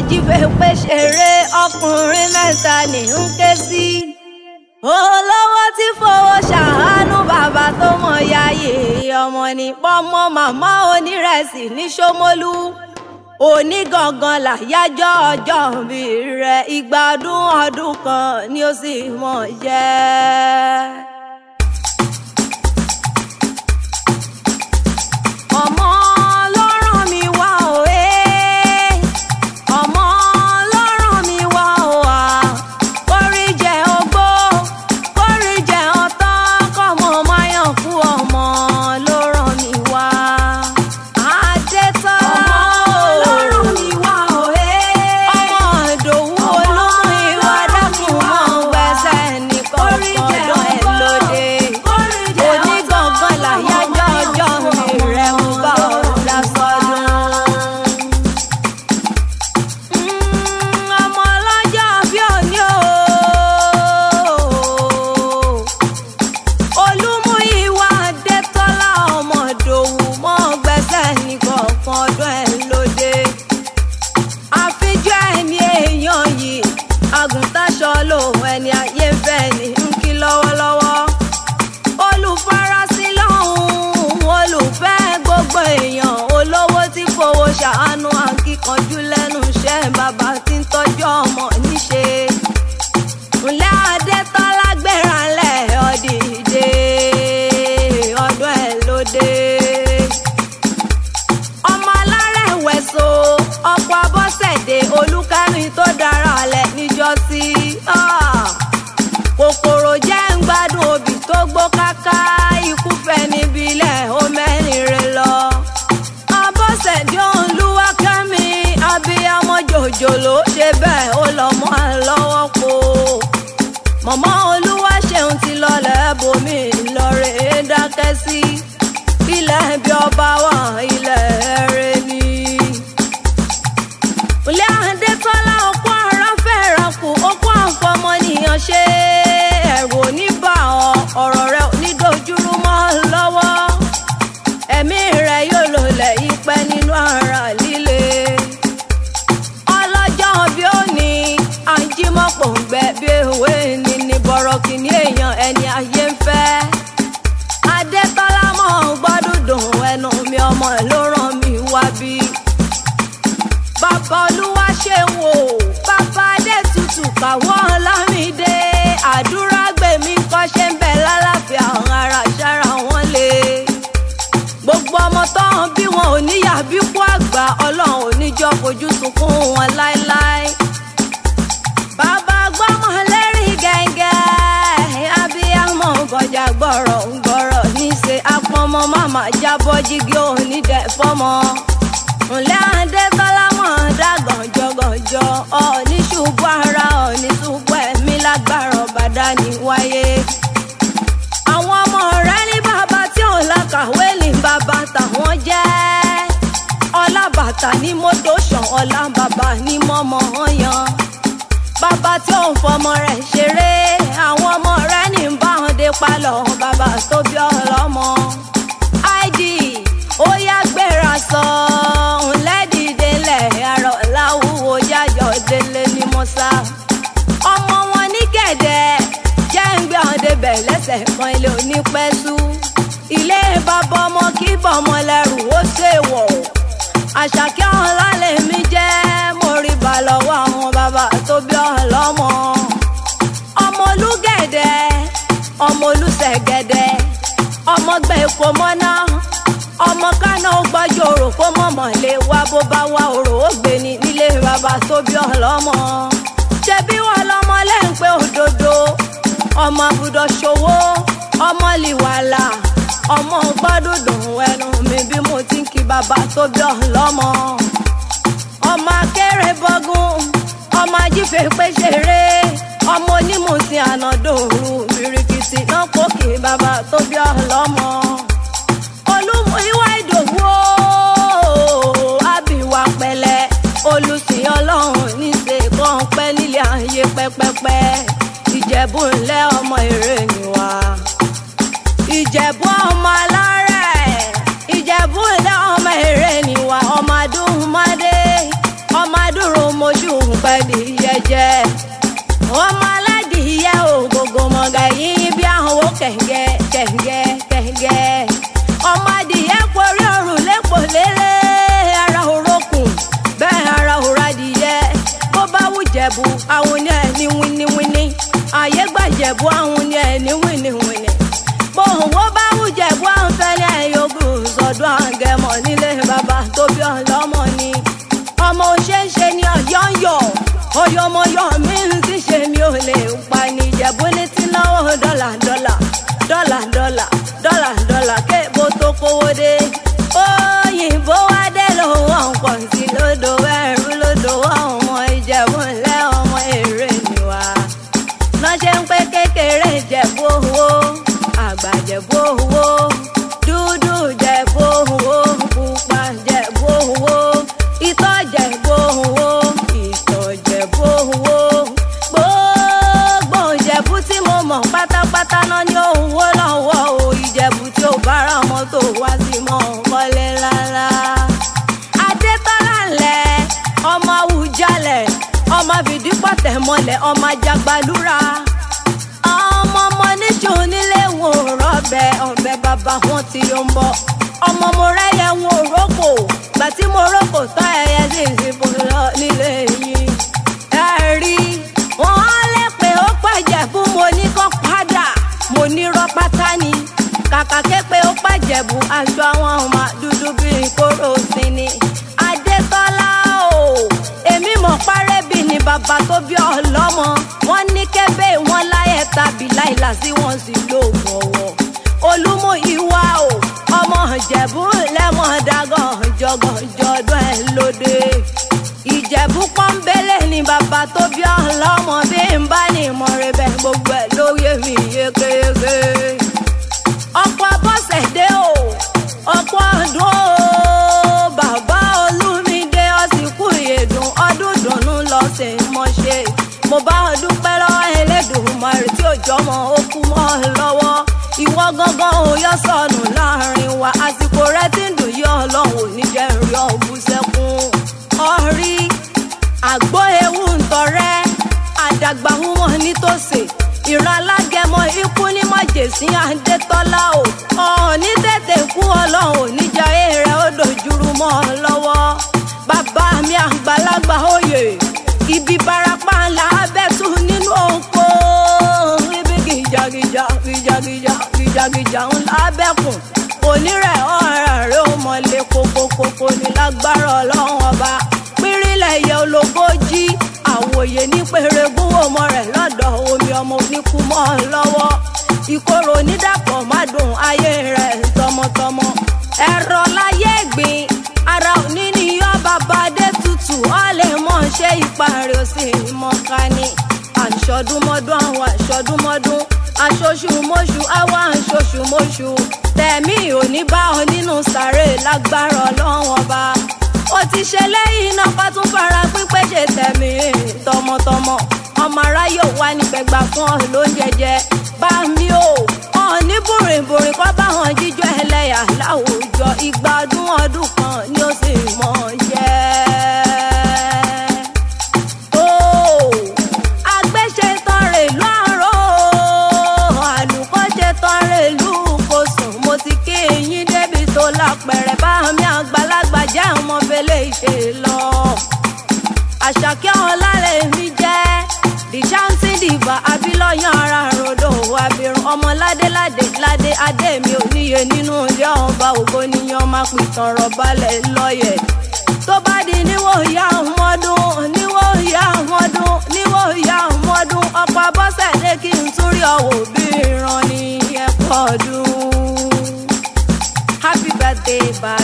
ajífẹ́pé ṣeré ọkùnrin mẹ́ta ní ń ké sí. olówó tí fowó ṣàánú bàbá tó mọ̀ yáyé ọmọ ní pọ́nmọ́ màmá onírẹ̀sì ní Ṣómólú òní gangan làyájọ́ ọjọ́ ìbí rẹ̀ ìgbádùn ọdún kan ni ó sì mọ̀ jẹ́. tó gbó káká ikú fẹ́ níbi ilẹ̀ ó mẹ́rin re lọ. Abọ́sẹ̀dé Olúwa kẹ́mi abiyamọ jòjòló ṣe bẹ́ẹ̀ ó lọ mọ́ ẹ lọ́wọ́ po. Mọ̀mọ́ Olúwa ṣeun ti lọlẹ̀ bomi ìlọrin dákẹ́ sí. Ilẹ̀ ibi ọba wọn ilẹ̀ rẹ ni. Ilé Adétọ́lá ọkọ̀ ara fẹ́ràn kù ọkọ̀ àfọmọ́nìyàn ṣe é. pọ̀ ń bẹ bí òwe ni ni bọ̀rọ̀ kìíní èèyàn ẹni ayé ń fẹ́. adétọ́lá mọ̀ ń gbọ́dún dùn ẹnu mi ọmọ ẹ̀ ló ràn mí wá bí. bàbá olúwa ṣe wò bàbá adétutù kàwọ́ ọlámídé àdúrà gbèmí kọ́ ṣe ń bẹ lálàáfíà àwọn ará ṣára wọn lé. gbogbo ọmọ tọ́hún bí wọn ò níyà bí kú àgbà ọlọ́run ò ní jọ fojú sunkún wọn láéláé. ọmọ màmá jábọ́ jígí òun nídẹ̀ fọ́mọ. ǹlẹ́ adé sálámọ̀ dàgàn jọgànjọ ọ̀ọ́ni ṣubú ara ọ̀ọ́ni ṣubú ẹ̀mí lágbára ọ̀bàdà ní wáyé. àwọn ọmọ rẹ ní bàbá tí ò lákàwé ní bàbá tàwọn jẹ́. ọlá bàtà ní mọ́tò ṣàn ọlá bàbá ní mọ́mọ́ ọ̀yàn. bàbá tí ò ń fọmọ rẹ̀ ṣeré àwọn ọmọ rẹ ní bá wọn dé palọ̀ bàbá tó bí ọlọ́mọ ó yá gbéra sọ̀hún lẹ́dìdẹ́lẹ̀ àrọ̀ láwùwọ̀ jájọ́ délé ní mọ́sá. ọmọ wọn ní gẹ̀dẹ̀ jẹ́ ń gbé ọ̀n débẹ̀ lẹ́sẹ̀ kan ilé onípẹ́sù. ilé bàbá ọmọ kí bọ̀mọ lẹ́rù ó ṣèwọ̀. àṣàkẹ́ ọ̀hún lálẹ́ mi jẹ́ mo rí bà lọ́wọ́ àwọn bàbá tó bí ọ̀hún lọ́mọ. ọmọ olúgẹ̀dẹ̀ ọmọ olùsẹ̀gẹ̀dẹ̀ ọmọ gbẹ̀ èkó ọmọ lè wá bó bá wá òrò ó ni nílé bàbá tó bí ọlọ́mọ. ṣé bí wọn lọmọ lẹ́yìn pé òdodo ọmọ àbùdọ̀ ṣòwò ọmọ lìwàlà ọmọ gbọ́dọ̀ dùn ẹnu mi bí mo ti ń kí bàbá tó bí ọlọ́mọ. ọmọ akéré bọ́gún ọmọ ajífẹ́ pé ṣeré ọmọ onímùsìn ànádòru bìrìkìtì náà kókè bàbá tó bí pẹ́pẹ́pẹ́ ìjẹ̀bú ńlẹ́ ọmọ èrè Ìjẹ̀bú àwọn ní ẹni wíníwíní àyè gba Ìjẹ̀bú àwọn ní ẹni wíníwíní bóun wo bá wù Ìjẹ̀bú àwọn fẹ́lẹ́ yòókù sọ̀dọ̀ àgẹ̀mọ̀ nílé bàbá tó bí ọlọ́mọ ni ọmọ òṣèṣe ni ọ̀yọ́ yọ̀ ọ̀yọ́mọ yọ̀ Bàbá jẹ bó wo dúdú jẹ bó wo pupa jẹ bó wo itọ́ jẹ bó wo ìtọ̀ jẹ bó wo gbogbo Ìjẹ̀bú tí mo mọ̀ pátápátá náà ní òun wó lọ́wọ́ o Ìjẹ̀bú tí ò bára ọmọ tó wá sí mọ́ wọlé rárá. Adétọ́lá ọmọ Awùjalẹ̀ ọmọ fìdí pọ̀tẹ̀ mọ́lẹ̀ ọmọ ajagbalúra ọmọ níjó nílé wọn ò rọbẹ ọbẹ Baba, wọn ti yọ ń bọ ọmọ mo rẹyẹ wọn ò rọpò gbà tí mo rọpò tọ ẹ bàbá tó bí ọlọ́mọ wọ́n ní kébé wọn láyẹ̀ tàbí láìlà sí wọn sì lóògùn ọ̀wọ́ olúmọ ìwà o ọmọ ìjẹ̀bú lẹ́mọ̀ dágàn jọgàn jọdún ẹ̀ lóde ìjẹ̀bú pọ́nbélé ni bàbá tó bí ọlọ́mọ bí n bá ní jọmọ ó kú mọ́ ẹ lọ́wọ́ ìwọ gangan ò sọnù láàrin wa àsìkò rẹ ti ń dùn yí ọlọ́run ò ní jẹ́ rí ọ̀bù sẹ́kún ọ̀rí àgbo ewu ń tọrẹ àdàgbà ń wọ̀n nítòsí ìran alágẹmọ ikú ní májèsí àdétọ́lá o ọ̀ọ́ni tètè kú ọlọ́run ò ní èrè ó mọ́ lọ́wọ́ bàbá mi àgbàlagbà òye ibi barapá jàgìjà ń lábẹ́kùn onírẹ̀ ọ̀ràn rẹ̀ ó mọ̀lẹ́ kókókókó ní lágbára ọlọ́run ọba pírílẹ̀ yẹ ológójì àwòye ní pèrègùn ọmọ rẹ̀ lọ́dọ̀ omi ọmọ oníkú mọ́ ọ lọ́wọ́ ìkorò onídàpọ̀ má dùn ayé rẹ̀ tọmọtọmọ ẹ̀rọ láyé gbìn ara òní ni yọ bàbá dé tutù ọ lè mọ̀ ṣe ìparí òsì ìmọ̀ká ni àṣọdúnmọ́dún àwọn àṣọdúnmọ́dún aṣoṣù mọ́ṣù àwọn mọ́ṣùmọ́ṣù tẹ̀mí ò ní bá ọ nínú sàré lágbára ọlọ́run ọba ó ti ṣe lẹ́yìn náà bá tún fara pípẹ́ ṣe tẹ̀mí tọmọtọmọ ọmọ aráyò wà níbẹ̀ gbà fún ọ lóúnjẹ jẹ bá mi ò hàn ní bùrìbùrì kọ́ bá hàn jíjọ ẹlẹ́yà láwùjọ ìgbà ọdún ọdún kan ni ó sì mọ̀ jẹ́. arèlú kò sùn mo ti kí eyín débi tó lápẹ̀rẹ̀ bá mi àgbàlagbà jẹ́ ọmọ fẹlẹ́ ìṣe lọ. àṣàkẹ́ ọ̀làlẹ̀ mi jẹ́ the chanting diva abilọ́yàn ara rodo abirun mi ò níye nínú ilé ọba ògbóníyàn máa pìtàn rọ̀ balẹ̀ lọ́yẹ̀ tó bá di níwòyà ọ̀hún. ọkọ̀ bọ́sẹ̀ dé kí n tún rí ọwọ́ bí ìran ní ẹ̀kọ́ ọdún happy birthday bá